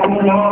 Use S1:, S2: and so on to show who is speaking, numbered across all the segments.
S1: ọmọ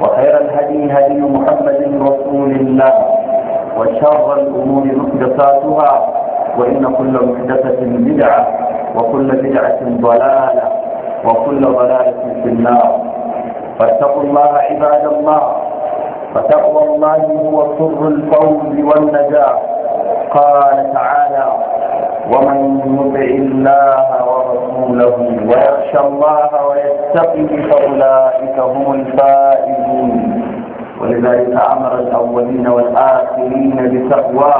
S1: وخير الهدي هدي محمد رسول الله وشر الأمور محدثاتها وإن كل محدثة بدعة وكل بدعة ضلالة وكل ضلالة في النار فاتقوا الله عباد الله فتقوى الله هو سر الفوز والنجاة قال تعالى ومن يطع الله ورسوله ويخشى الله ويتقي فاولئك هم الفائزون ولذلك امر الاولين والاخرين بتقوى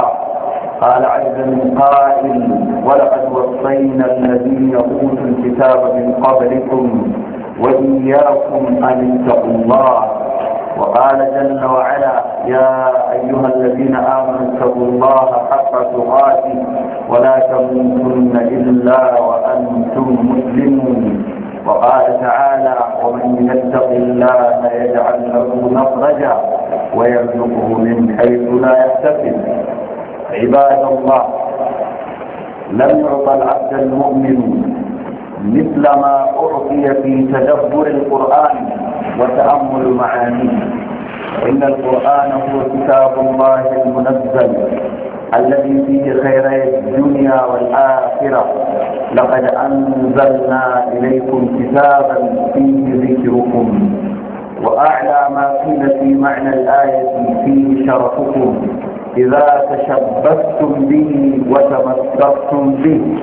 S1: قال عز من قائل ولقد وصينا الذين اوتوا الكتاب من قبلكم واياكم ان اتقوا الله وقال جل وعلا يا أيها الذين آمنوا اتقوا الله حق تقاته ولا تموتن إلا وأنتم مسلمون وقال تعالى ومن يتق الله يجعل له مخرجا ويرزقه من حيث لا يحتسب عباد الله لم يعطى العبد المؤمن مثل ما أعطي في تدبر القرآن وتأمل معانيه إن القرآن هو كتاب الله المنزل الذي فيه خيري الدنيا والآخرة لقد أنزلنا إليكم كتابا فيه ذكركم وأعلى ما قيل في معنى الآية فيه شرفكم إذا تشبثتم به وتمسكتم به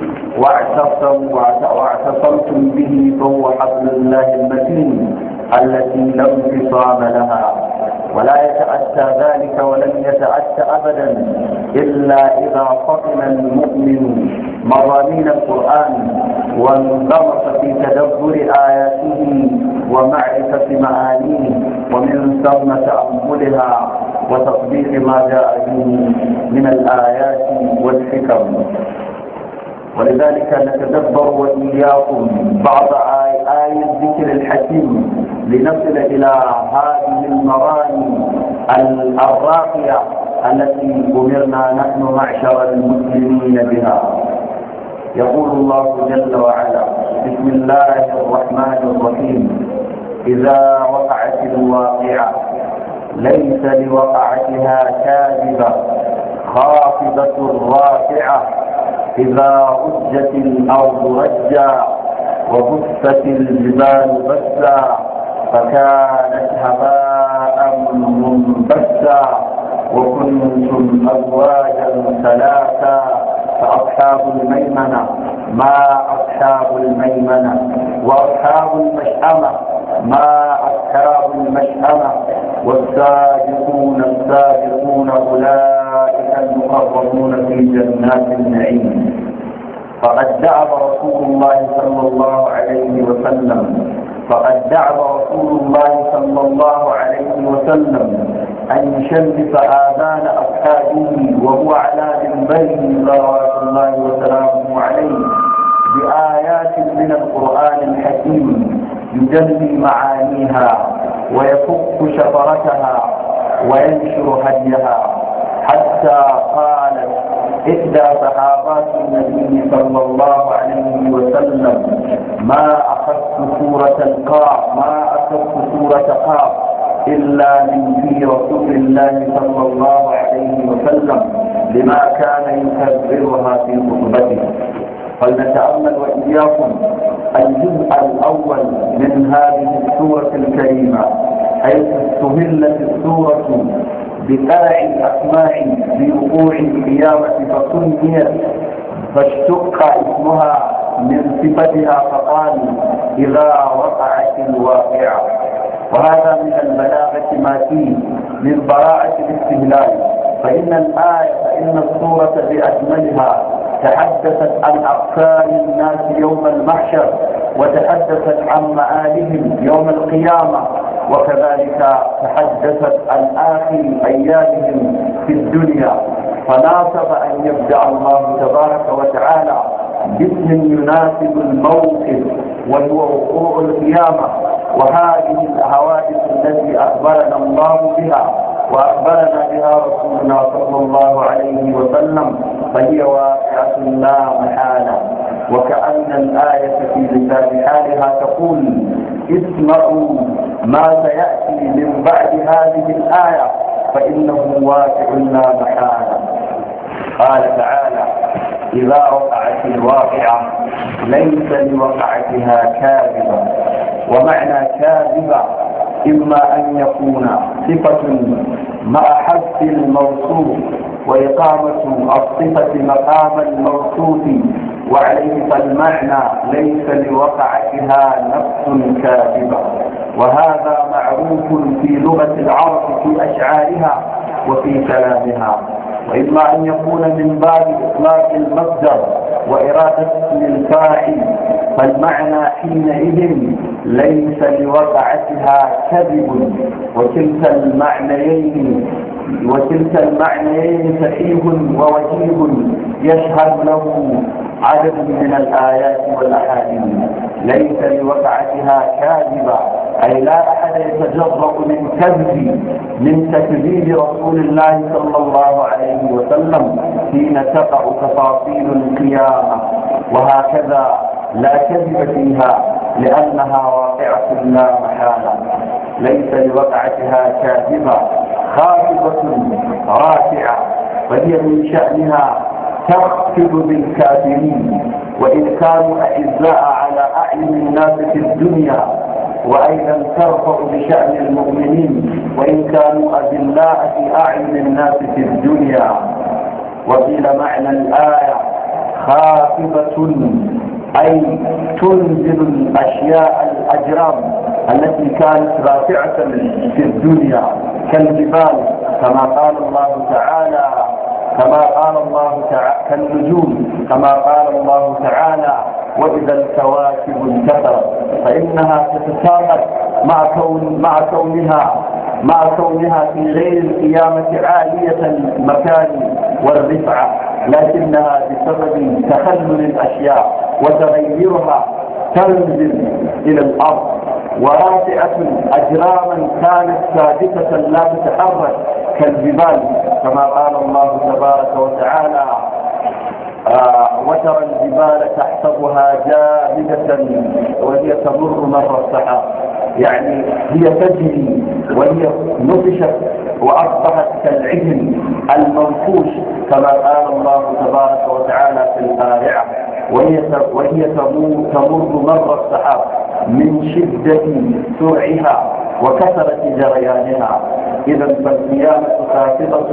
S1: واعتصمتم به فهو حبل الله المتين التي لا انفصام لها ولا يتأتى ذلك ولن يتأتى أبدا إلا إذا فطن المؤمن مرامين القرآن وانغمس في تدبر آياته ومعرفة معانيه ومن ثم تأملها وتطبيق ما جاء به من الآيات والحكم ولذلك نتدبر وإياكم بعض آي آية الذكر الحكيم لنصل إلى هذه المراني الراقية التي أمرنا نحن معشر المسلمين بها يقول الله جل وعلا بسم الله الرحمن الرحيم إذا وقعت الواقعة ليس لوقعتها كاذبة خافضة رافعة إذا رجت الأرض رجا وبثت الجبال بثا فكانت هباء منبثا وكنتم أزواجا ثلاثا فأصحاب الميمنة ما أصحاب الميمنة وأصحاب المشأمة ما أصحاب المشأمة والسابقون السابقون أولئك المقربون في جنات النعيم فقد دعب رسول الله صلى الله عليه وسلم فقد دعب رسول الله صلى الله عليه وسلم أن يشلف آذان أصحابه وهو على منبره صلوات الله وسلامه عليه بآيات من القرآن الحكيم يجلي معانيها ويفك شفرتها وينشر هديها حتى قالت إحدى صحابات النبي صلى الله عليه وسلم ما أخذت سورة القاف ما أخذت سورة قاف إلا من في رسول الله صلى الله عليه وسلم لما كان يكررها في خطبته فلنتأمل وإياكم الجزء الأول من هذه السورة الكريمة حيث استهلت السورة بتاع الأسماء بوقوع القيامة فسميت فاشتق اسمها من صفتها فقال إذا وقعت الواقعة وهذا من البلاغة ما فيه من براعة الاستهلال فإن الآية فإن الصورة بأكملها تحدثت عن أقسام الناس يوم المحشر وتحدثت عن مآلهم يوم القيامة وكذلك تحدثت عن آخر أيامهم في الدنيا فناسب أن يبدأ الله تبارك وتعالى باسم يناسب الموقف وهو وقوع القيامة وهذه الحوادث التي أخبرنا الله بها وأخبرنا بها رسولنا صلى الله عليه وسلم فهي واقعة لا محالة وكأن الآية في لسان حالها تقول اسمعوا ما سيأتي من بعد هذه الآية فإنه واقع لا محالة قال تعالى إذا وقعت الواقعة ليس لوقعتها كاذبة ومعنى كاذبة إما أن يكون صفة مع حذف الموصوف وإقامة الصفة مقام الموصوف وعليه فالمعنى ليس لوقعتها نفس كاذبة وهذا معروف في لغة العرب في أشعارها وفي كلامها وإما أن يكون من باب إطلاق المصدر وإرادة اسم الفاعل فالمعنى حينئذ ليس لوقعتها كذب وكلتا المعنيين وكلتا المعنيين صحيح ووجيه يشهد له عدد من الآيات والأحاديث ليس لوقعتها كاذبة أي لا أحد يتجرأ من كذب من تكذيب رسول الله صلى الله عليه عليه وسلم حين تقع تفاصيل القيامة وهكذا لا كذب فيها لأنها واقعة لا محالة ليس لوقعتها كاذبة خافضة رافعة وهي من شأنها تخفض بالكافرين وإن كانوا أعزاء على أعين الناس في الدنيا وأيضا ترفع بشأن المؤمنين وإن كانوا أذلاء في أعين الناس في الدنيا وقيل معنى الآية خافضة أي تنزل الأشياء الأجرام التي كانت رافعة في الدنيا كالجبال كما قال الله تعالى كما قال الله تعالى كالنجوم كما قال الله تعالى وإذا الكواكب انكسرت فإنها تتساقط مع كون مع كونها مع كونها في غير القيامة عالية المكان والرفعة لكنها بسبب تخلل الأشياء وتغيرها تنزل إلى الأرض ورافئة أجراما كانت ثابتة لا تتحرك كالجبال كما قال الله تبارك وتعالى آه وترى الجبال تحسبها جامدة وهي تمر مر السحاب يعني هي تجري وهي نفشت وأصبحت كالعجل المنفوش كما قال الله تبارك وتعالى في القارعة وهي تمر مر السحاب من شدة سرعها وكثرة جريانها إذا فالقيامة خاطبة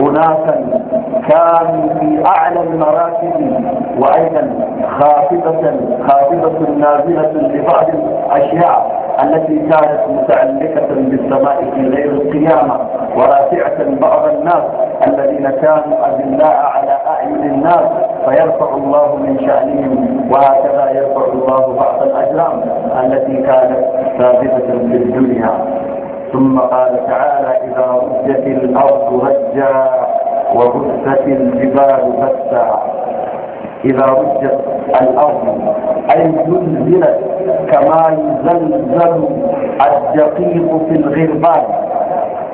S1: أناسا كانوا في أعلى المراتب وأيضا خاطبة خاطبة نازلة لبعض الأشياء التي كانت متعلقة بالسماء في غير القيامة ورافعة بعض الناس الذين كانوا أذلاء على أعين الناس فيرفع الله من شأنهم وهكذا يرفع الله بعض الأجرام التي كانت ثابتة بالله جملها ثم قال تعالى إذا رجت الأرض رجا وبثت الجبال بثا إذا رجت الأرض أي زلزلت كما يزلزل الدقيق في الغربان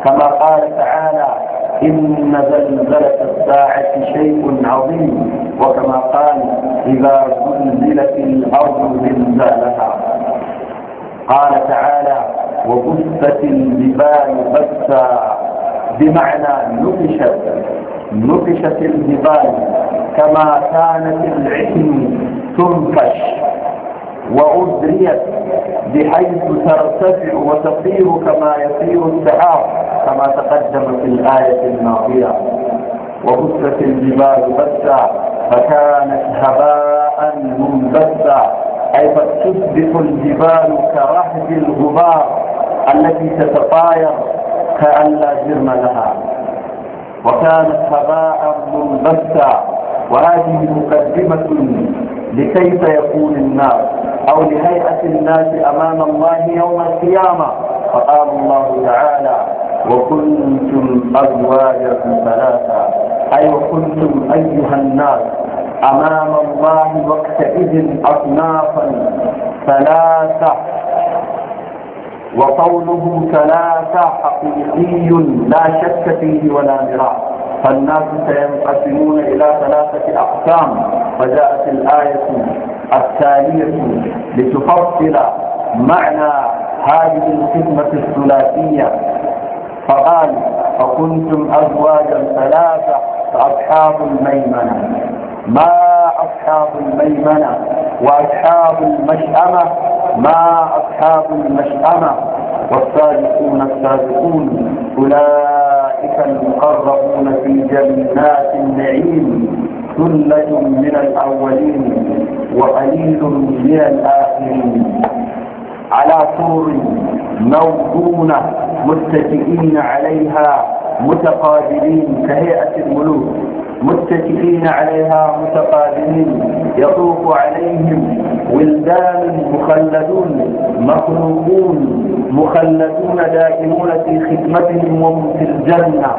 S1: كما قال تعالى إن زلزلة الساعة شيء عظيم وكما قال إذا زلزلت الأرض زلزالها قال تعالى وبثت الجبال بثا بمعنى نقشت نقشت الجبال كما كانت العين تنفش وأدريت بحيث ترتفع وتطير كما يطير السحاب كما تقدم في الآية الماضية وبثت الجبال بثا فكانت هباء منبثا أي فتصبح الجبال كرهب الغبار التي تتطاير كأن لا جرم لها وكانت هباء منبثا وهذه مقدمة لكيف يكون الناس أو لهيئة الناس أمام الله يوم القيامة فقال الله تعالى وكنتم أزواجا ثلاثة أي وكنتم أيها الناس أمام الله وقتئذ أصنافا ثلاثة وقوله ثلاثة حقيقي لا شك فيه ولا مراء فالناس سينقسمون إلى ثلاثة أقسام فجاءت الآية التالية لتفصل معنى هذه الخدمة الثلاثية فقال فكنتم أزواجا ثلاثة فأصحاب الميمنة ما أصحاب الميمنة وأصحاب المشأمة ما أصحاب المشأمة والسابقون السابقون أولئك المقربون في جنات النعيم ثلة من الأولين وقليل من الآخرين على سور موضونة متكئين عليها متقابلين كهيئة الملوك متكئين عليها متقابلين يطوف عليهم ولدان مخلدون مخلوقون مخلدون دائمون في خدمتهم وهم في الجنة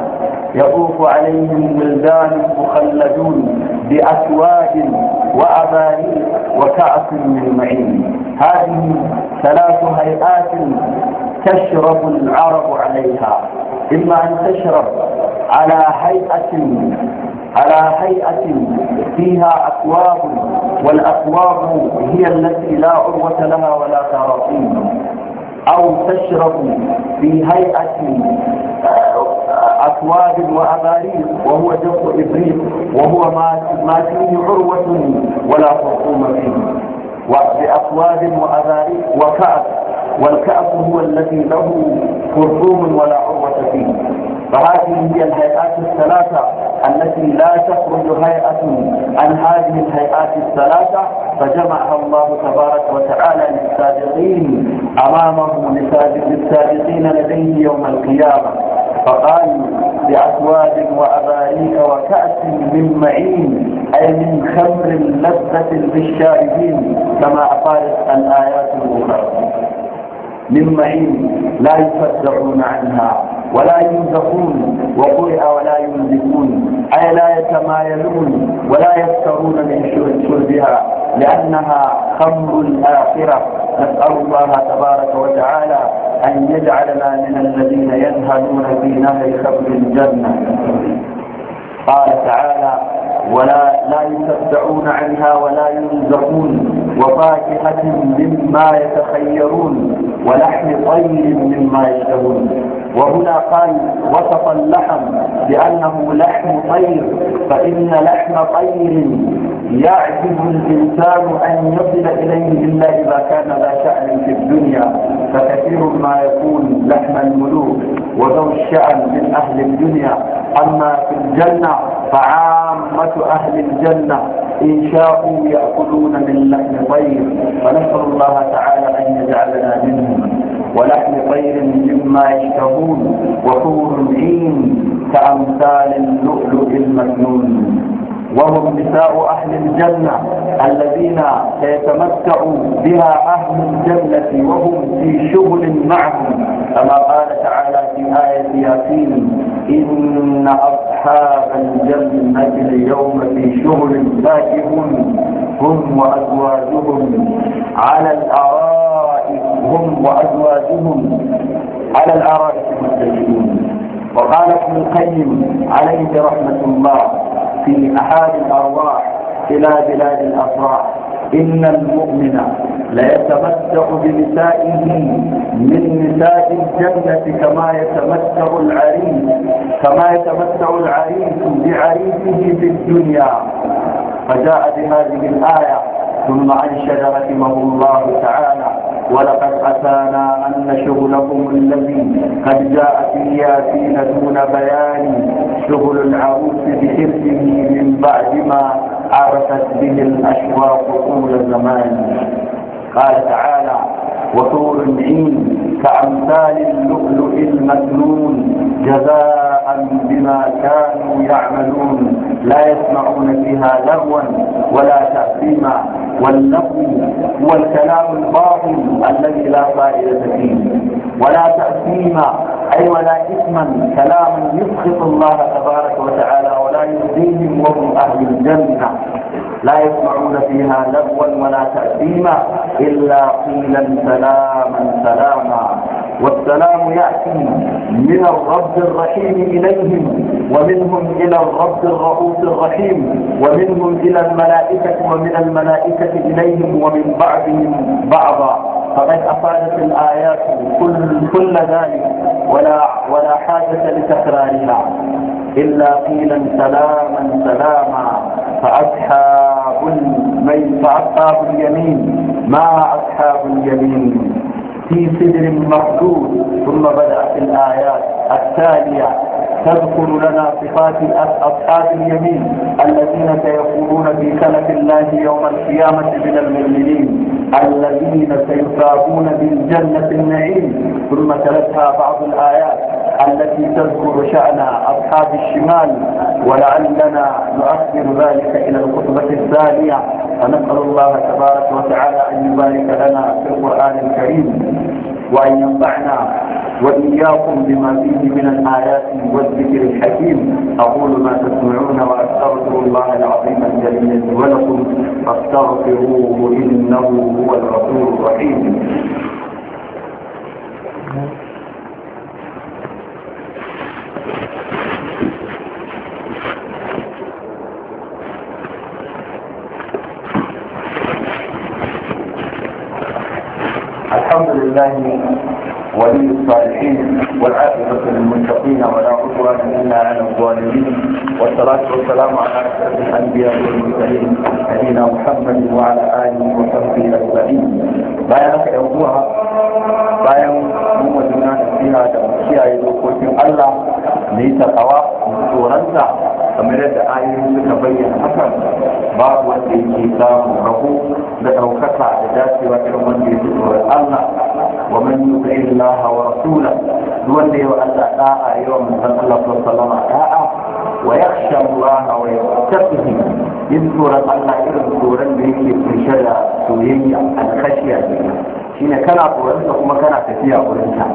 S1: يطوف عليهم ولدان مخلدون بأسواد وأبانيق وكأس من معين هذه ثلاث هيئات تشرب العرب عليها إما أن تشرب على هيئة على هيئة فيها أكواب والأكواب هي التي لا عروة لها ولا تراصيم أو تشرب في هيئة آه، أكواب وأباريق وهو جف إبريق وهو ما فيه عروة ولا خرطوم فيه وبأكواب وأباريق وكأس والكأس هو الذي له خرطوم ولا عروة فيه فهذه هي الهيئات الثلاثة التي لا تخرج هيئة عن هذه الهيئات الثلاثة فجمعها الله تبارك وتعالى للسابقين أمامه للسابقين لديه يوم القيامة فقال بأكواب وأباريك وكأس من معين أي من خمر لذة للشاربين كما أقالت الآيات الأخرى من معين لا يصدقون عنها ولا ينزفون وقرئ ولا ينزفون أي لا يتمايلون ولا يفترون من شربها لأنها خمر الآخرة نسأل الله تبارك وتعالى أن يجعلنا من الذين ينهلون في نهر خمر الجنة قال تعالى ولا لا يتبعون عنها ولا ينزقون وفاكهة مما يتخيرون ولحم طير مما يشتهون وهنا قال وصف اللحم بأنه لحم طير فإن لحم طير يعجز الإنسان أن يصل إليه إلا إذا كان لا شأن في الدنيا فكثير ما يكون لحم الملوك وذو الشأن من أهل الدنيا أما في الجنة فعامة أهل الجنة إن شاءوا يأكلون من لحم طير فنسأل الله تعالى أن يجعلنا منهم ولحم طير مما يشتهون وحور العين كأمثال اللؤلؤ المكنون وهم نساء أهل الجنة الذين سيتمتع بها أهل الجنة وهم في شغل معهم كما قال تعالى في آية ياسين إن أصحاب الجنة اليوم في شغل فاكهون هم وأزواجهم على الأرائك هم وأزواجهم على الأرائك متكئون وقال ابن القيم عليه رحمة الله في أحال الأرواح إلى بلاد الأفراح إن المؤمن ليتمتع بنسائه من نساء الجنة كما يتمتع العريس كما يتمتع العريس بعريسه في الدنيا فجاء بهذه الآية ثم أنشد رحمه الله تعالى ولقد أتانا أن شغلكم الذي قد جاء في ياسين دون بيان شغل العروس بحفظه من بعد ما عرفت به الأشواق طول الزمان قال تعالى وطور العين كأمثال اللؤلؤ المكنون جزاء بما كانوا يعملون لا يسمعون فيها لغوا ولا تأثيما واللغو هو الكلام الباطل الذي لا فائدة فيه ولا تأثيما أي ولا إثما كلام يسخط الله تبارك وتعالى ولا يؤذيهم وهم أهل الجنة لا يسمعون فيها لغوا ولا تأثيما إلا قيلا سلاما سلاما والسلام يأتي من الرب الرحيم إليهم ومنهم إلى الرب الرؤوف الرحيم ومنهم إلى الملائكة ومن الملائكة إليهم ومن بعضهم بعضا فقد أفادت الآيات كل, كل ذلك ولا, ولا حاجة لتكرارها إلا قيلا سلاما سلاما فأصحاب, فأصحاب اليمين ما أصحاب اليمين في سدر مخدود ثم بدأت الآيات التالية تذكر لنا صفات أصحاب اليمين الذين سيكونون في سلف الله يوم القيامة من المؤمنين الذين سيصابون بالجنة النعيم ثم تلتها بعض الآيات التي تذكر شأن أصحاب الشمال ولعلنا نؤخر ذلك إلى الخطبة الثانية فنسأل الله تبارك وتعالى أن يبارك لنا في القرآن الكريم وأن ينفعنا وإياكم بما فيه من الآيات والذكر الحكيم أقول ما تسمعون وأستغفر الله العظيم الجليل لي ولكم فاستغفروه إنه هو الغفور الرحيم لله ولي الصالحين والعافية للمتقين ولا عذر إلا على الظالمين والصلاة والسلام على أشرف الأنبياء والمرسلين نبينا محمد وعلى آله وصحبه أجمعين. بيان أوضوها بيان مؤمنين فيها تمشي أيضا قوتهم الله ليس قوى مصورنسا فمرد آيه تبين حسن باب وسيكي الله ربو لتوكسع لذاتي وكرمان يسوع الله ومن يطع الله ورسوله يولي وأتى داعا يوم صلى الله عليه وسلم داعا ويخشى الله ويتقه إن سورة الله إذن سورة بيك في شرع سورية الخشية شين كان قرنك وما كان كثيرا قرنك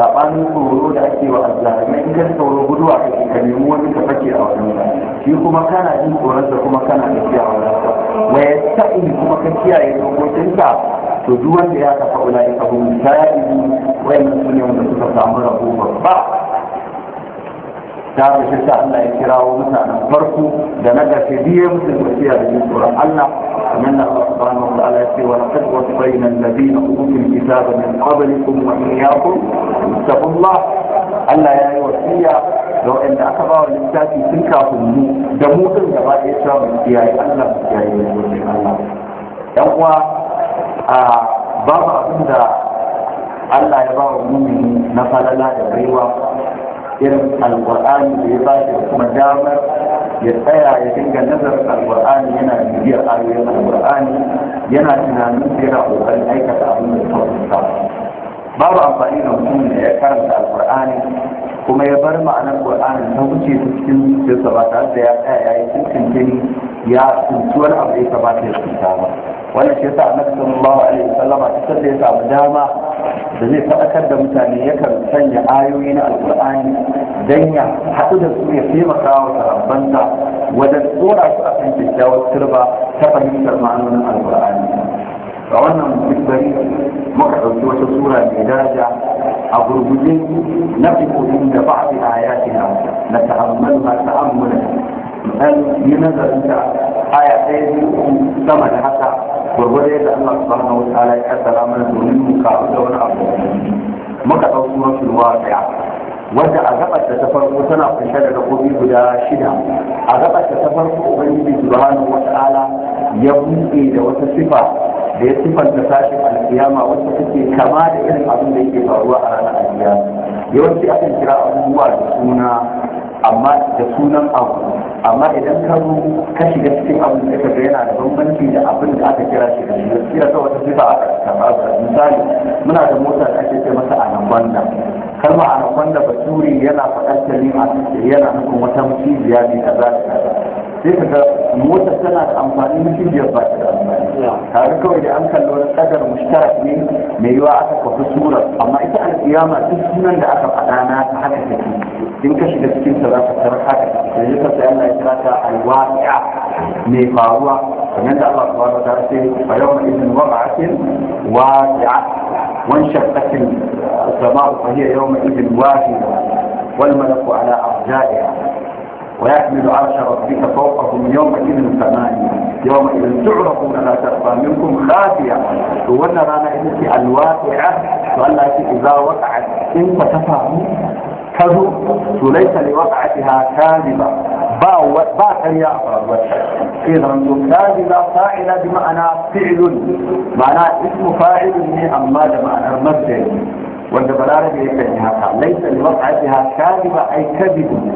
S1: sabanin tsoro da ake wa azzalimai in ka tsoro guduwa ka ka nemi wani ka fake a wajen shi kuma kana jin tsoron da kuma kana tafiya wa sa. wa ya kuma ka kiyaye dokokinsa to duk wanda ya kafa ulai ka hum sa'idi wannan sune wanda suka samu rabo babba ta fi shi Allah ya kirawo mutanen farko da na gaske biye musu wasiya da jin tsoron Allah kamar na Allah subhanahu wa ta'ala ya ce wa laqad wasayna alladhina utul kitaba min qablikum wa iyyakum taqullah Allah ya yi wasiya da wanda aka ba wa littafi tun kafin mu da mu din gaba ɗaya cewa mu kiyaye Allah mu kiyaye Allah dan uwa A babu abin da Allah ya ba wa mumini na falala da baiwa irin alƙur'ani da ya ba shi kuma damar ya tsaya ya dinga nazarin alƙur'ani yana bibiyar ayoyin alƙur'ani yana tunanin da yana ƙoƙarin aikata abin da ya babu amfani da mutum da ya karanta alƙur'ani kuma ya bar ma'anar ƙur'anin ta wuce cikin zuciyarsa ba tare da ya tsaya ya yi cikin ya tuntuwar abu ya ta ya tuntuwa ba wanda shi yasa annabi sallallahu alaihi wasallama cikin da ya samu dama da zai faɗakar da mutane yakan sanya ayoyi na alƙur'ani dan ya haɗu da su ya taimaka wa sahabbansa wajen tsora su a kan kyakkyawar turba ta fahimtar ma'anonin alƙur'ani ga wannan bari muka ɗauki wata sura mai daraja a gurguje na fikoyin da ba a fi ayatina na ta'ammalu ma ta'ammula dan yi nazarin ta aya ɗaya biyu sama da haka gurgurda yadda Allah subhanahu wa ta'ala ya kaddara mana domin mu kawo da wani abu muka ɗau suratul waqi'a wanda a gabar ta farko tana kunshe da gabobi guda shida a gabar ta farko ubangiji subhanahu wa ta'ala ya buɗe da wata sifa da ya sifanta tashin alkiyama wacce take kama da irin abin da yake faruwa a ranar alkiyama yawanci akan kira abubuwa da suna amma da sunan abu amma idan ka zo ka shiga cikin abin da kaga yana da bambanci da abin da aka kira shi da shi kira ta wata sifa aka kama da misali muna da mota da ake ce masa anaconda kalma da baturi yana faɗar a yana nufin wata cibiya ne kaza da kaza sai ka ga motar tana da amfani mutum ba ta da amfani tare kawai da an kalli wani kadar mushtarak ne mai yiwa aka kafa surar amma ita alƙiyama duk sunan da aka faɗa na haka take in ka shiga cikin sa za ka tarar haka take sai ka sai Allah ya kira ta alwaqi'a mai faruwa kamar da Allah subhanahu wa ta'ala sai fa yawma idin waqa'atin waqi'a وانشقت السماء فهي يومئذ واهية والملك على أرجائها ويحمل عرش ربك فوقهم يومئذ ثمانية يومئذ تعرفون لا تخفى منكم خافية وأن رانا انك الواقعة وأن اذا وقعت ان تفهم كذو وليس لوقعتها كاذبة با با كريا افراد اذا كاذبة فاعلة بمعنى فعل معنى اسم فاعل اما بمعنى مبدئ وانت بلا ربي ليس لوقعتها كاذبة اي كذب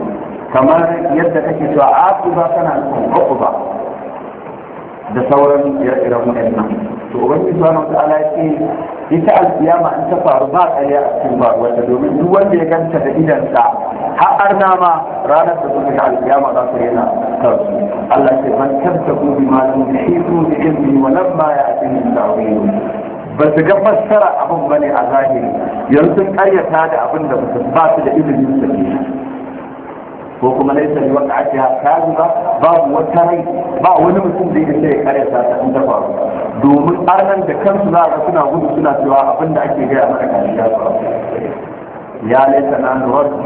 S1: kamar yadda kake cewa ba kana nufin ba da sauran ire-iren waɗannan to ubangiji subhanahu wa ta'ala ce ita alƙiyama in ta faru ba ƙarya a cikin ba wanda domin duk wanda ya ganta da idansa har nama ranar da suka ga za su yana su Allah ce ban kanta ku bi malum hitu bi ilmi wa lamma min tawil ba su ga fassara abin ne a zahiri yanzu sun karyata da abin da ba su da ilimin su ko kuma laisa ake waqa'atiha ba babu wata rai ba wani mutum da yake ya kare sa ta inda faru domin arnan da kansu za a suna gudu suna cewa abinda ake gaya mana kan ya faru يا ليتنا نرد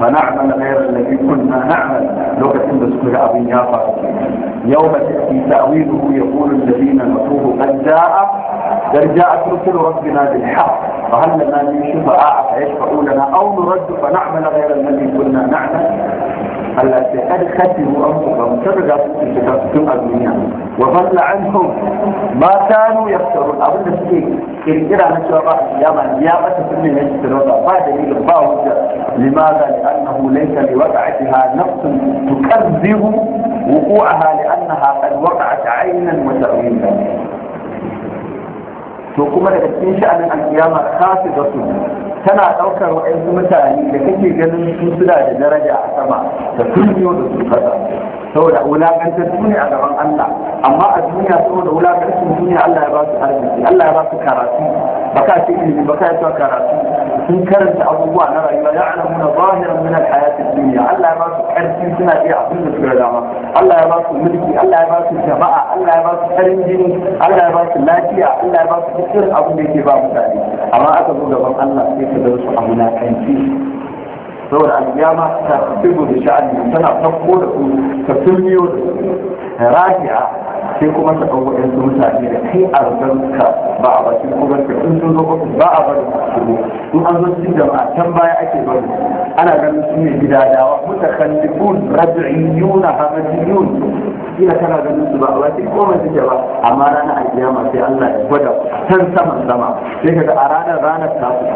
S1: فنعمل غير الذي كنا نعمل لغة بسكر أبي يا يوم تأتي تأويله يقول الذين نتوه قد جاء قد جاء رسل ربنا بالحق فهل لنا من شفعاء فيشفعوا لنا أو نرد فنعمل غير الذي كنا نعمل الاتحاد الختي مؤمنه مكبره في كتاب السوء الدنيا عنهم ما كانوا يخسرون اقول لك شيء كيف ترى من شراء الايام يا متى تبني ما دليل الباوج لماذا لانه ليس لوقعتها نفس تكذب وقوعها لانها قد وقعت عينا وتاويلا to kuma daga cikin sha'anin alkiyama kasu da su tana ɗaukar wa'yansu mutane da kake ganin su suna da daraja a sama da kunyo da su kasa saboda wulakantar su ne a gaban Allah amma a duniya saboda wulakantar su ne Allah ya ba su arziki Allah ya ba su karatu baka ce ilimi baka sa karatu sun karanta abubuwa na rayuwa ya alamu na zahiran min alhayatin duniya Allah ya ba su karfi suna iya abin da suka dama Allah ya ba su mulki Allah ya ba su jama'a Allah ya ba su farin jini Allah ya ba su lafiya Allah ya ba su duk irin abin da yake ba mutane amma aka zo gaban Allah sai ka ga su a munafanci saboda alƙiyama ta tsibu da sha'ani tana fakko da su ta turmiyo da rafi'a sai kuma ta ɗauko ɗau waɗansu mutane da kai a zanka ba a bakin kubarka in sun zo ofis ba a barin ne in an zo cikin jama'a can baya ake bari ana ganin su ne gidadawa mutakhallifun rabi'iyun hamadiyun kila kana ganin su ba ba sai komai suke ba amma ranar alkiyama sai Allah ya gwada san saman sama sai kaga a ranar ranar ta su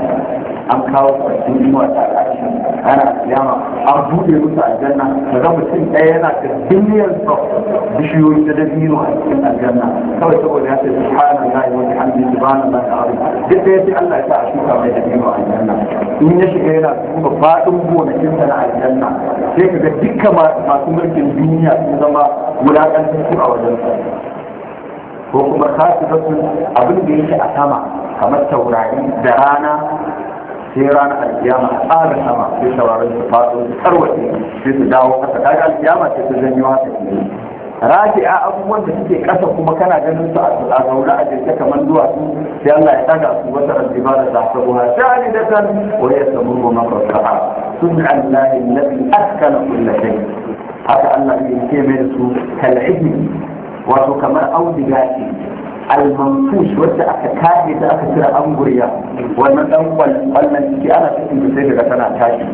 S1: an kawo kwacin inuwa ta ƙarshe ranar alkiyama an buɗe musu aljanna kaga mutum ɗaya yana da biliyan sau bishiyoyi da dabino a cikin aljanna kawai saboda ya ce su ba nan bihamdihi subhanallahi alazim duk da yace Allah ya sa a shuka mai dabino a aljanna in ya shiga yana duba faɗin gonakin sa na aljanna sai kaga dukkan masu mulkin duniya sun zama wulaƙantar su a wajen ko kuma kasu da su abin da yake a sama kamar taurari da rana sai rana alkiyama a tsarin sama sai taurarin su faɗo su tarwace sai su dawo kasa kaga alkiyama sai su janyo haka rafi'a abubuwan da suke ƙasa kuma kana ganin su a zaune a jirgin kamar duwatsu sai Allah ya daga su wata rabbiba da sasabu ha shani da san wani ya samu ma mafarka sun Allah ya nabi askana kullu shay haka Allah ya ce mai da su kal'ibni wato kamar auduga ce almanfush wacce aka kaje ta aka cire an gurya wannan dan kwallon ciki ana cikin da sai daga tana tashi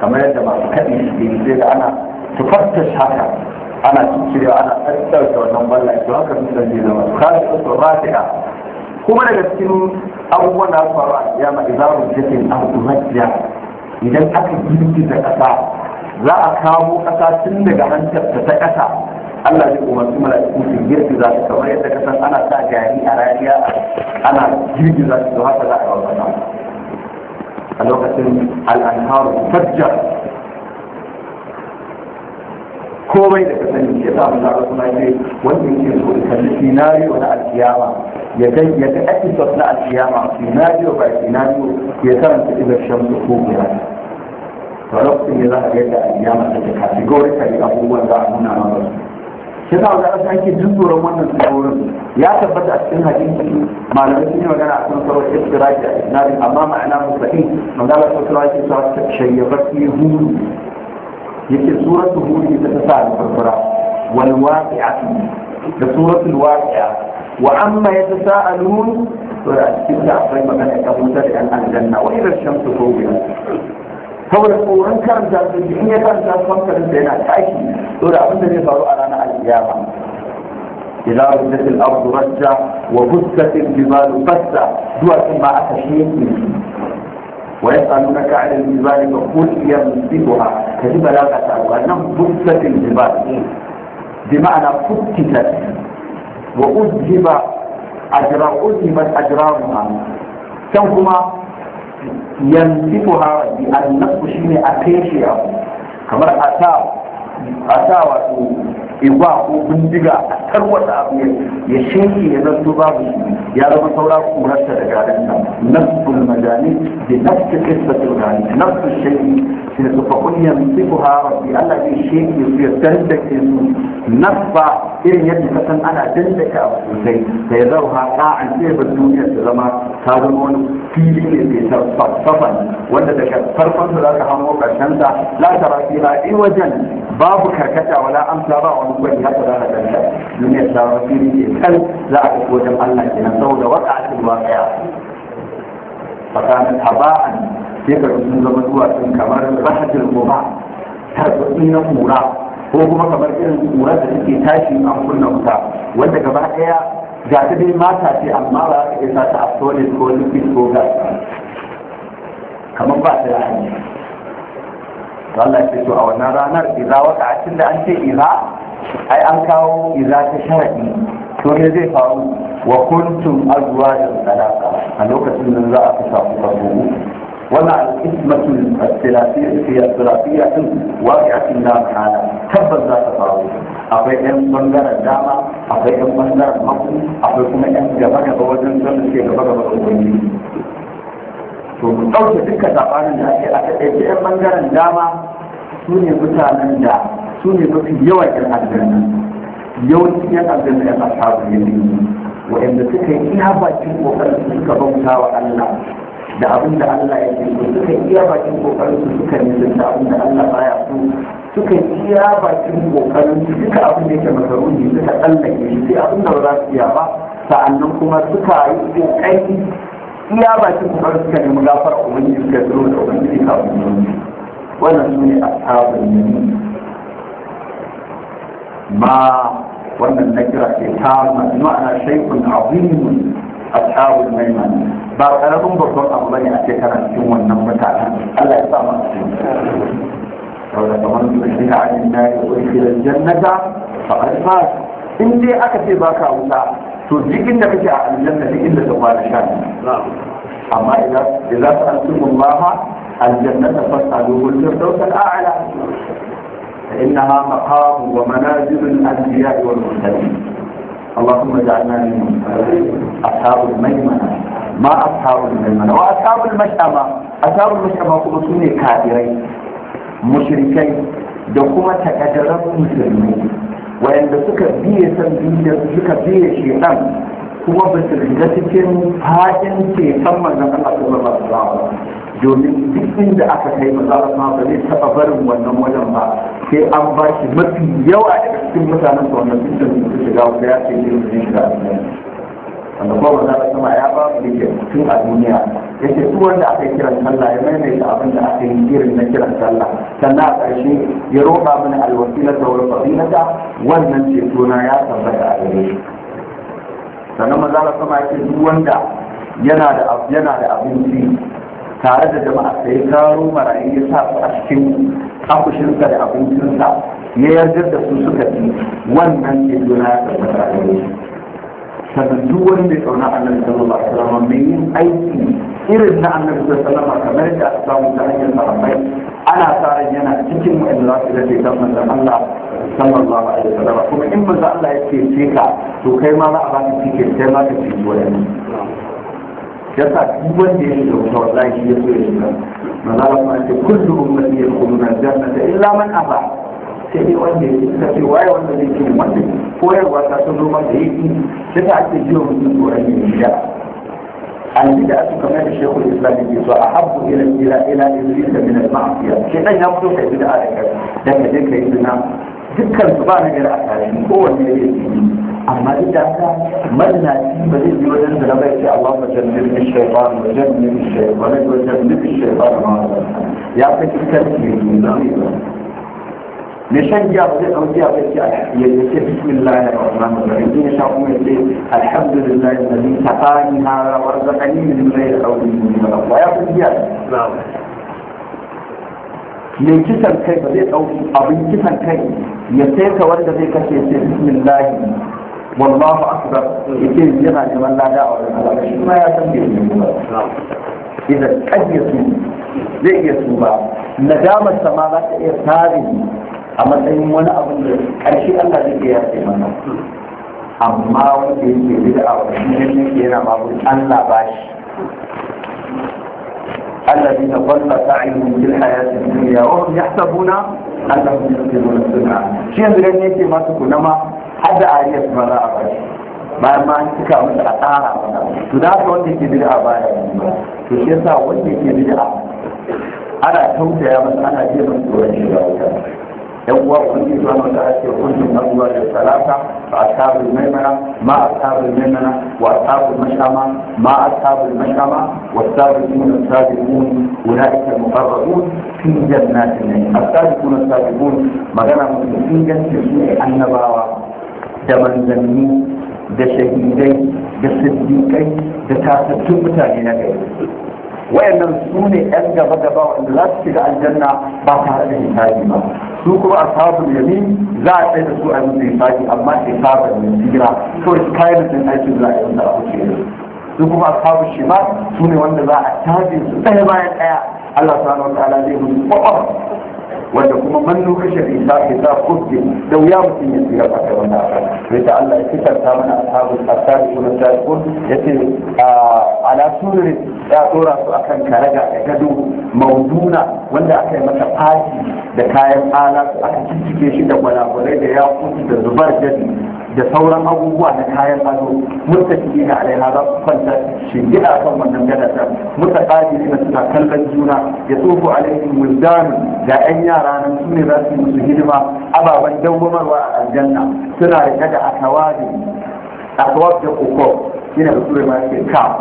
S1: kamar yadda masu kaɗi suke sai da ana tufarta shaka, ana cikirewa ana ɗaɗɗauke wannan kwallon to haka sun zai zama kaji su rafi'a kuma daga cikin abubuwan da faru a kiyama idan rujjatin an idan aka girgiza ƙasa za a kawo ƙasa tun daga hantarta ta ƙasa Allah zai umarci mala'iku su girgiza su kamar yadda kasan ana sa gari a rariya ana girgiza su to haka za a kawo ƙasa a lokacin al'anharu fajjar komai da kasani ya samu zaɓa suna ce wanda yake so da kalli sinariyo na alkiyama ya ga ya ga episode na alkiyama sinariyo ba sinariyo ya karanta ibar shamsu ko guda farautin ne za a yadda a biya masa da kategorikali abubuwan za a nuna masa shi sa wanda aka ake jin tsoron wannan tsoron ya tabbata a cikin hadisi malamai sun yi magana a kan tsoron istiraki a isnadin amma ma'ana musa'i wanda ala sau tsoron ake sa ta shayyabar fi huru yake suratul huru ita ta sa da farfara wal waqi'a da suratul waqi'a wa amma yatasaalun to da a cikin da akwai magana ta mutar da an aljanna wa shan su ko saboda tsoron karanta su in ya karanta su hankalin da yana tashi to abin da zai faru a ranar الأرض رجا وبست الجبال بسا دوا ثم أتشيك ويسألونك عن الجبال فقل يمسكها كذب لا تسأل أنه بست الجبال بمعنى فتتت وأذهب أجرار أذهبت أجرارها كم كما yanzu ku hawa bi an shine ne a feshe abu kamar a ta a sa wato igwa ko bindiga a tarwata abu ya shege ya zanto babu shi ya zama saura kurarsa da garinsa nafsul majani da nafsu kisbatul gani nafsu shege sai su fa kun yanzu ha rabbi Allah zai shege su ya dandake su nafba irin yadda ka san ana dandake abu sosai da ya zau ha ka'an sai ba duniya ta zama ta zama wani fili ne sai ta wanda daga farkon su za ka hango karshen sa la tara fiha wajen ba babu karkata wala amsa ba wani gwani haka za ka ganta duniyar ta wasu ke kan za a tafi wajen Allah kenan saboda wata a cikin waƙaya tsakanin haba'an sai ka sun zama duwatsun kamar rahatul goma, tarbatsi na kura ko kuma kamar irin kura da suke tashi a kunna wuta wanda gaba ɗaya ga ta dai mata ce amma ba za ka iya sa ta a ko liquid ko kamar ba ta da hanyar Allah ce to a wannan ranar iza wata a cikin da an ce iza ai an kawo iza ta sharadi to me zai faru wa kuntum azwa da sadaka a lokacin da za a fita ku karbo wannan al-ismatu al-thalathiyya fi al-thalathiyya tun waqi'atin da kana tabbas za ta faru akwai ɗan bangaren dama akwai ɗan bangaren mako akwai kuma ɗan gaba gaba wajen zan ce gaba gaba ubangiji to mu ɗauke duka saɓanin da ake aka ɗauke yan ɓangaren dama su ne mutanen da su ne mafi yawan yan aljanna yawancin yan aljanna yan ashabu ya ne wa'anda suka yi iya bakin ƙoƙarin su suka bauta wa Allah da abin da Allah ya ce su suka yi iya bakin ƙoƙarin su suka yi da abin da Allah baya so suka yi iya bakin ƙoƙarin su duka abin da yake makaruni suka tsallake shi sai abin da ba za su iya ba sa'annan kuma suka yi ƙoƙari iya bakin su har suka nemi gafar ubangiji suka zuro da ubangiji kafin yanzu wannan su ne ashabul yamin ma wannan na kira ke ta ma'ana shaikun azimun ashabul maiman ba karamin babban abu bane a ce kana cikin wannan mutanen Allah ya sa mu cikin saboda kamar su shi a cikin nayi ko shi da jannata fa alfa in dai aka ce baka wuta to duk inda kake a aljanna duk inda ta kwana sha amma idan idan an tumu Allah aljannata fasalu bil firdaus al a'la innaha maqam wa manazil al anbiya wal mursalin اللهم اجعلنا منهم اصحاب الميمنه ما اصحاب الميمنه واصحاب المشأمه اصحاب المشأمه هم سنه كافرين مشركين da kuma takaddarar musulmi wayanda suka biye san duniya suka biye shekan kuma ba su shiga cikin fadin san manzon Allah sallallahu alaihi domin duk inda aka kai maza Allah ba zai taba barin wannan wajen ba sai an ba shi mafi yawa daga cikin mutanen da wannan sun shiga wuta ya ce ne shiga wanda kuma sama ya ba su da tun a duniya ya ce su wanda aka yi kiran sallah ya maimaita abin da aka yi irin na kiran sallah sannan a ƙarshe ya roƙa mana alwasila ta wani fadilata wannan ceto na ya tabbata a gare shi sannan maza sama ya ce duk wanda yana da abinci tare da jama'a sai karo marayu ya sa su a cikin akushinsa da abincinsa ya yarda da su suka ci wannan ceto na ya tabbata a gare shi sannan duk wani mai kauna annabi sallallahu alaihi wasallam mai yin aiki irin na annabi sallallahu alaihi wasallam kamar da aka samu ta hanyar sahabbai ana sa ran yana cikin wa'anda za su dace kan manzon Allah sallallahu alaihi wasallam kuma in manzon Allah ya ce ka to kai ma za a ba baka cikin kai ma ka ci wani yasa duk wanda ya shiga wuta wallahi ya so ya shiga manzon Allah ya ce kullu ummati yadkhuluna al-jannata illa man aba sai dai wanda ya suka ce waye wanda zai ce wanda koyarwa ta sun zo masa yaki sai ta ake jiwa mutum tsoron yin bida albida su kamar da shekul islam ke so a habbu ila ila ila ila min al ma'siya shi dan ya fito yi bida da kai da ka je ka yi bida dukkan su ba na gara a tare kowanne ya yi amma duk da haka mazinaci ba zai yi wajen da rabai ce Allah ba jannir bi shaytan wa jannir bi shaytan wa jannir bi shaytan ma ya fi kitan ke yi ba نشجع ونقرا بك يلي بسم الله الرحمن الرحيم ان شاء الله الحمد لله الذي سقاني هذا ورزقني من غير حول من غير قوه يا ابن زياد نعم. من كسر كيف زي قوي او من كسر كيف يسيرك ولد زي كسر يسير بسم الله والله اكبر يسير جمع جمع لا داء ولا داء ما يسمي من غير نعم. اذا قد يسوب زي يسوب ندام السماوات ارتاده a matsayin wani abin da ƙarshe Allah zai iya yafe mana amma wanda yake bida a wani yake yana babu Allah ba shi الذين ضل سعيهم في الحياة الدنيا وهم يحسبون أنهم يحسنون صنعا شيء غير يكي ما تكون ما حد آية ما لا bayan ma an cika masa a tsara mana to da haka wanda yake bid'a baya to shi yasa wanda yake bid'a ana tausaya masa ana jiya masa tsoron shiga wuta هو وفي سبحانه وتعالى يقول من الله الثلاثة فأصحاب الميمنة ما أصحاب الميمنة وأصحاب المشأمة ما أصحاب المشأمة والسابقون السابقون أولئك المقربون في جنات النعيم السابقون السابقون مغنى مسلمين جنة النبوة دمن زمين da shahidai da siddiƙai da tasattun mutane na gari wayannan su ne 'yan gaba-gaba wanda za su shiga aljanna ba tare da hisabi ba su kuma sabon yami za a tsaye da su a musu isaki amma sabon da tsira so shi kayan mutum aikin za a yi wanda a kuce su kuma shi shima su ne wanda za a tafi su ɗaya bayan ɗaya Allah subhanahu wa ta'ala zai musu kwakwam wanda kuma man lokacin isa isa kuske da wuya mutum ya tsira ba kai wannan Sai ta Allah ya fitar ta mana a ashabu sunan tarikun ya ce na ya tsora su akan karaga a gado mauduna wanda aka yi mata fashi da kayan ala aka ciccike shi da gwanagwanai da ya yakutu da zubar jadi da sauran abubuwa na kayan ado mutaki na alaiha za su kwanta shingida kan wannan gadata mutaqadi suna suna kallon juna ya tsofu alaihim wildan ga yan yara nan su ne za su yi musu hidima ababen dawwamarwa a aljanna suna riƙe da akawadi da uku ina da turai ma ka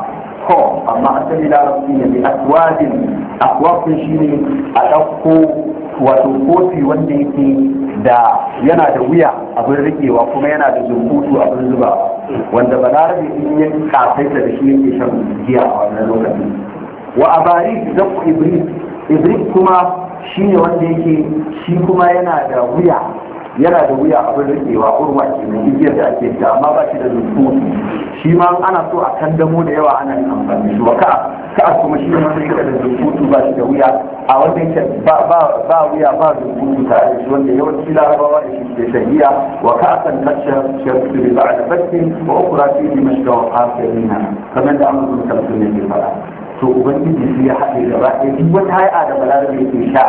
S1: akwa amma da larabci ne bi aswadin akwafin shi ne a ɗauko wato kofi wanda yake da yana da wuya abin riƙewa, kuma yana da zumbutu abin zuba wanda rabe in ya kafaita da shi yake shan giya a wannan lokacin wa abari zakku ibris kuma shi ne wanda yake shi kuma yana da wuya yana da wuya abin wa urwa ke mai igiyar da ake ta amma ba shi da zuku shi ma ana so a kandamo da yawa ana yin amfani shi wa ka ka kuma shi ma sai da zurfu ba shi da wuya a wanda yake ba ba ba wuya ba zurfu tare da shi wanda yawanci larabawa da shi ke shahiya wa ka san kashar ba a da bakin wa kura fi da wa qasirina kamar da amma sun kamsu ne ke fara to ubangiji sai ya haɗe gaba ɗaya duk wata hay'a da balarabe ke sha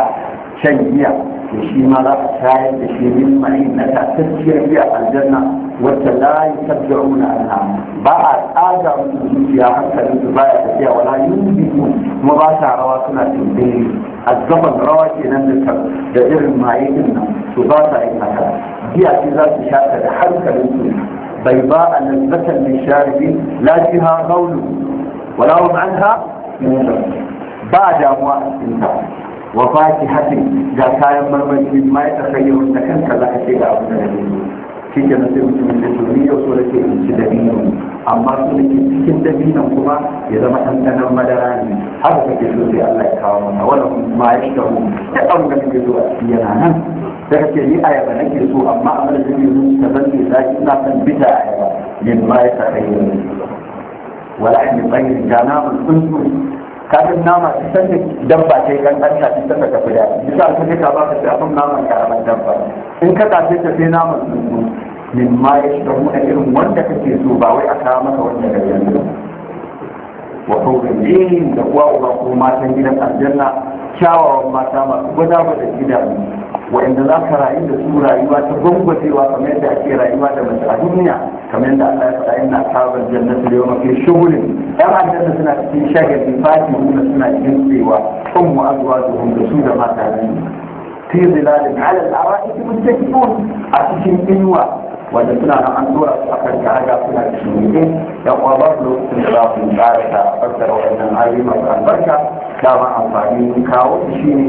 S1: shan giya da shi ma za ka shayar da shi min mai na tafiyar giya aljanna wacce la yi tabbi'una anha ba a tsaga musu zuciya hankalin su baya tafiya wala yunbiku kuma ba sa rawa suna tumbiri azzaban rawa kenan da da irin maye din nan to ba sa yin haka giya ce za su sha da hankalin su bai ba a lazzatan min sharibi la fiha qawlu wala hum anha ba damuwa a cikin ta wa fakihatin ga kayan marmari ma ya takayyaru da kanka za ka ce ga abu da ne shi ke sai mutumin da su yau so da ke ci dabino amma su da ke cikin dabinon kuma ya zama ɗanɗanon madara ne haka kake so sai Allah ya kawo mana wala ma ya shiga mu da ɗan da kake so a ciki yana nan da kake ni ayaba nake so amma a mana ne zuci ta zan ne zaki ina son bita ayaba Yin ma ya ta kai wala ne bayin ga sun tsuntsu kafin nama ta sanda dabba ta yi kankanta ta sanda daɗi bisa su ne ka ba ka shafin naman karamar dabba in ka tafi ta sai naman tsuntsu min ma ya shiga mu irin wanda kake so ba wai a kawo maka wanda ka yi wa sauran yin da uwa uba ko matan gidan aljanna kyawawan mata masu gwada gwada gidan. Wa'inda za ka rayu da su rayuwa ta gwangwacewa kamar yadda ake rayuwa da mace a duniya kamar yadda Allah ya faɗa ina sabar jannatu da yawan mafi shugulin ɗan aljanna suna cikin shagalin fati kuma suna cikin tsewa kan mu'azuwa da da su da mata fi zilalin alal ara'iki mutakifun a cikin inuwa wanda suna nan an dora su akan kaga suna shirye da kuma babu lokacin da za ku tsara ta fassara waɗannan ayoyi masu albarka dama amfani kawo shi ne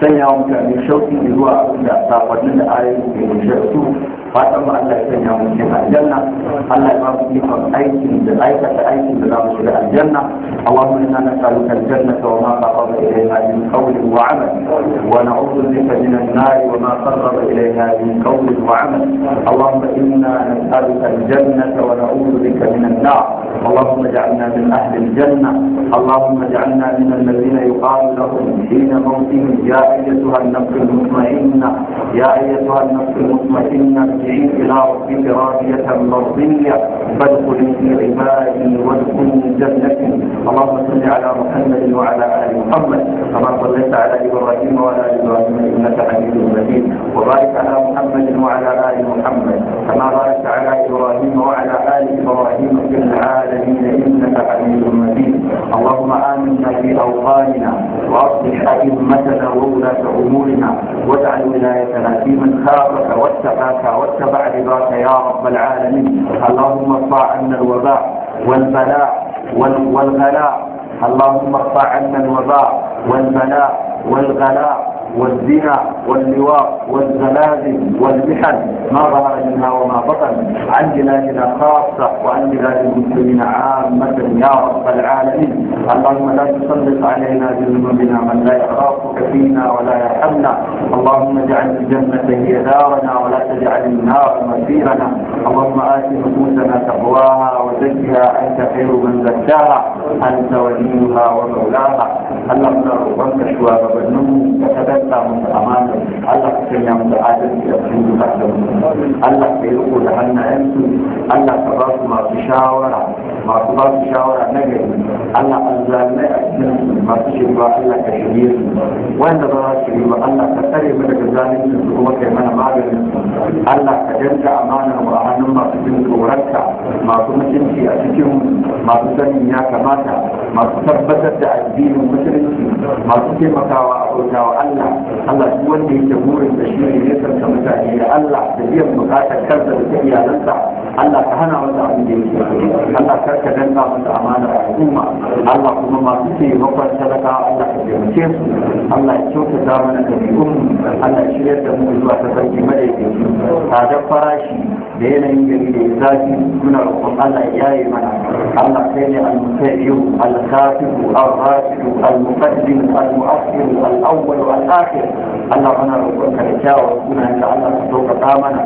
S1: sanya wa mutane shauki zuwa da sakonnin da ayoyi ke kunshe su fatan mu Allah ya sanya mu cikin aljanna Allah ya ba mu ikon aikin da aikata aikin da za mu shiga aljanna Allahumma inna nas'aluka aljannata wa ma qaqaba ilayha min qawlin wa amal wa na'udhu bika min an-nar wa ma qarraba ilayha min qawlin wa amal Allahumma inna nas'aluka aljannata wa na'udhu bika min an-nar اللهم اجعلنا من أهل الجنة اللهم اجعلنا من الذين يقال لهم حين موتهم يا أيتها النفس المطمئنة يا أيتها النفس المطمئنة ارجعي إلى ربك راضية مرضية فادخلي في عبادي وادخلي جنتي اللهم صل على محمد وعلى آل محمد كما صليت على إبراهيم وعلى آل إبراهيم إنك حميد مجيد وبارك على محمد وعلى آل محمد كما باركت على إبراهيم وعلى آل إبراهيم في العالمين العالمين إنك عزيز مجيد اللهم آمنا في أوطاننا وأصلح أئمتنا وولاة أمورنا واجعل ولايتنا في من خافك واتقاك واتبع رضاك يا رب العالمين اللهم ارفع عنا الوباء والبلاء والغلاء اللهم ارفع عنا الوباء والبلاء والغلاء والزنا واللواء والزلازل والمحن ما ظهر منها وما بطن عن بلادنا خاصة وعن بلاد المسلمين عامة يا رب العالمين اللهم لا تسلط علينا بذنوبنا من لا يخافك فينا ولا يرحمنا اللهم اجعل الجنة هي دارنا ولا تجعل النار مسيرنا اللهم آت نفوسنا تقواها أنت خير من زكاها أنت وليها ومولاها الله ربك شواب بنمو وتبتع من أمانه الله كي يمت عادل يبني تحته الله كي يقول عنا أنت الله تبارك ما تشاورا ما تبارك شاورا نجد الله أنزلنا ما تشبه الله كشبير وأنت بارك الله كتري من الجزائر ومك من مالك الله كجنت أمانه وأهنم ما تبنك وركع ما تمشي في أسجد cikin masu sanin ya kamata masu tabbatar da addinin musulunci masu taimakawa a bautawa Allah Allah shi wanda yake burin da shi ne ya mutane da Allah da biyan bukatar kansa da iyalansa Allah ka hana wanda abin da yake Allah kar ka danna wanda amana a al'umma Allah kuma masu ce makon sadaka Allah ka taimake su Allah ya kyautata mana ɗabi'un Allah ya shirya da mu zuwa ta sarki madaidaici tsadar farashi da yanayin gari da ya zafi muna roƙon Allah ya yaye mana Allah kai ne al-mutayyibu al-kafiru al-rashidu al-muqaddim al-mu'akhir al-awwal al-akhir Allah muna roƙon ka da kyawawan sunan da Allah ka mana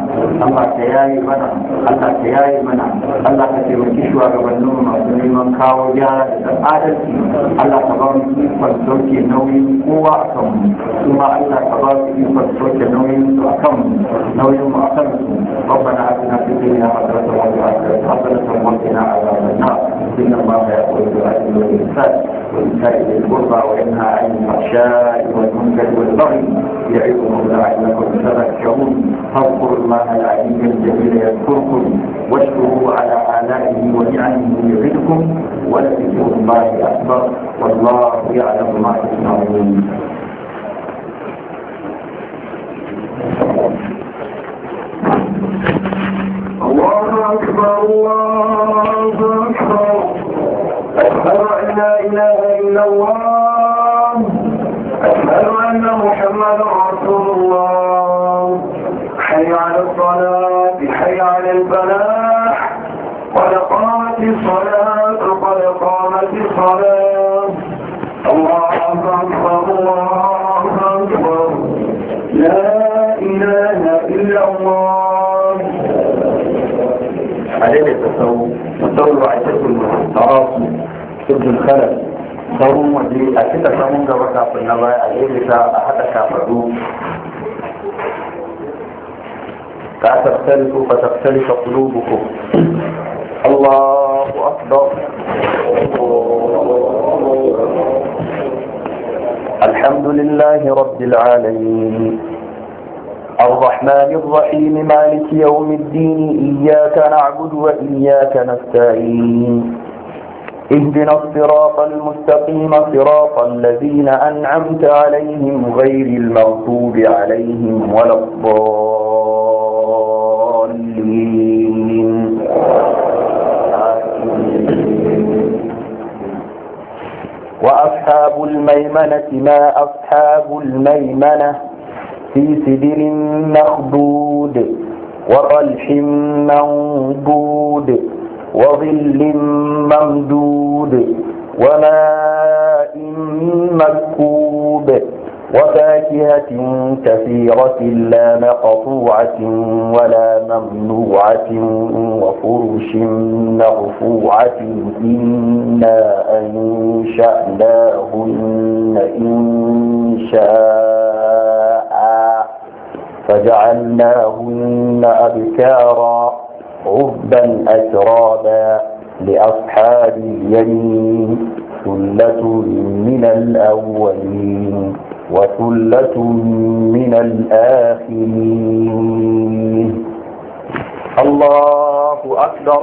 S1: Allah ka yaye mana Allah ka yaye mana Allah ka taimaki shugabannin masu neman kawo gyara da adalci Allah ka ba mu ikon sauke nauyin kowa a kan mu kuma Allah ka ba mu ikon sauke nauyin su a kan mu nauyin mu a kan su ربنا آتنا في الدنيا حسنة وفي الآخرة حسنة وقنا عذاب ya إن da يقول بالعدل والإحسان وإنساء القربى وينهى عن الفحشاء والمنكر والبغي يعظكم لعلكم تذكرون فاذكروا الله العلي الجليل يذكركم واشكروا على آلائه ونعمه يعظكم ولذكر الله أكبر والله يعلم ما تصنعون الله أكبر الله أكبر لا إله إلا الله أشهد أن محمدا رسول الله حي على الصلاة حي على الفلاح قد قامت الصلاة قد قامت الصلاة الله أكبر الله أكبر لا إله إلا الله عليه التصوف التصوف عزة المتراصم ibn karas sauran waje a cika samun gaba kafin na baya a daidaita a haɗa kafaɗu ka taftaliku fa taftalika qulubukum Allahu akbar الحمد لله رب العالمين الرحمن الرحيم مالك يوم الدين إياك نعبد وإياك نستعين اهدنا الصراط المستقيم صراط الذين أنعمت عليهم غير المغضوب عليهم ولا الضالين وأصحاب الميمنة ما أصحاب الميمنة في سدر مخضود وطلح منضود وظل ممدود وماء مكوب وفاكهة كثيرة لا مقطوعة ولا ممنوعة وفرش مرفوعة إنا أنشأناهن إن شاء فجعلناهن أبكارا عبا أترابا لأصحاب اليمين ثلة من الأولين وثلة من الآخرين الله أكبر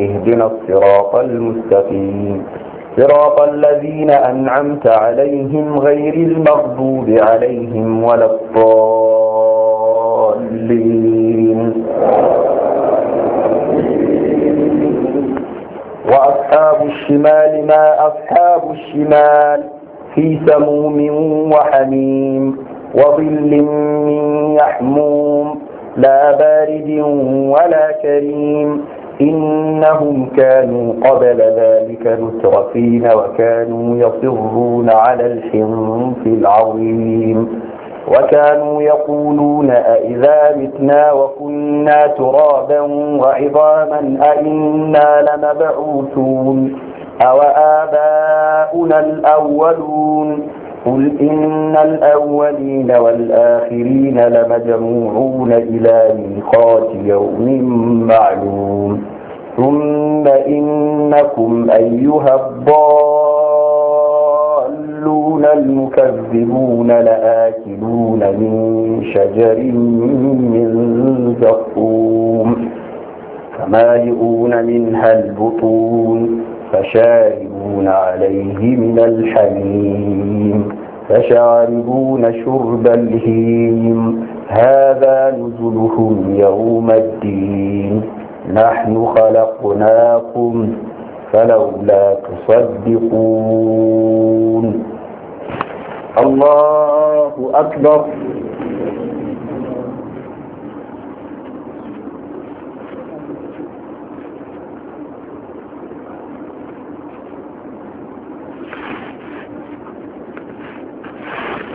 S1: اهدنا الصراط المستقيم صراط الذين أنعمت عليهم غير المغضوب عليهم ولا الضالين وأصحاب الشمال ما أصحاب الشمال في سموم وحميم وظل من يحموم لا بارد ولا كريم إنهم كانوا قبل ذلك مترفين وكانوا يصرون على الحنف العظيم وكانوا يقولون أئذا متنا وكنا ترابا وعظاما أئنا لمبعوثون أو آباؤنا الأولون قل إن الأولين والآخرين لمجموعون إلى ميقات يوم معلوم ثم إنكم أيها الضالون المكذبون لآكلون من شجر من زقوم فمالئون منها البطون فشارب يشربون عليه من الحميم فشاربون شرب الهيم هذا نزلهم يوم الدين نحن خلقناكم فلولا تصدقون الله أكبر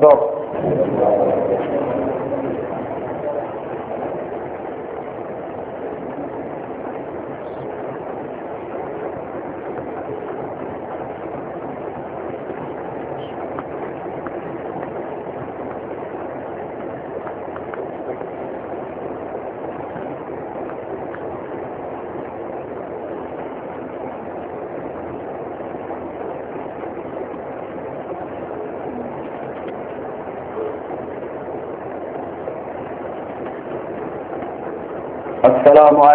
S1: the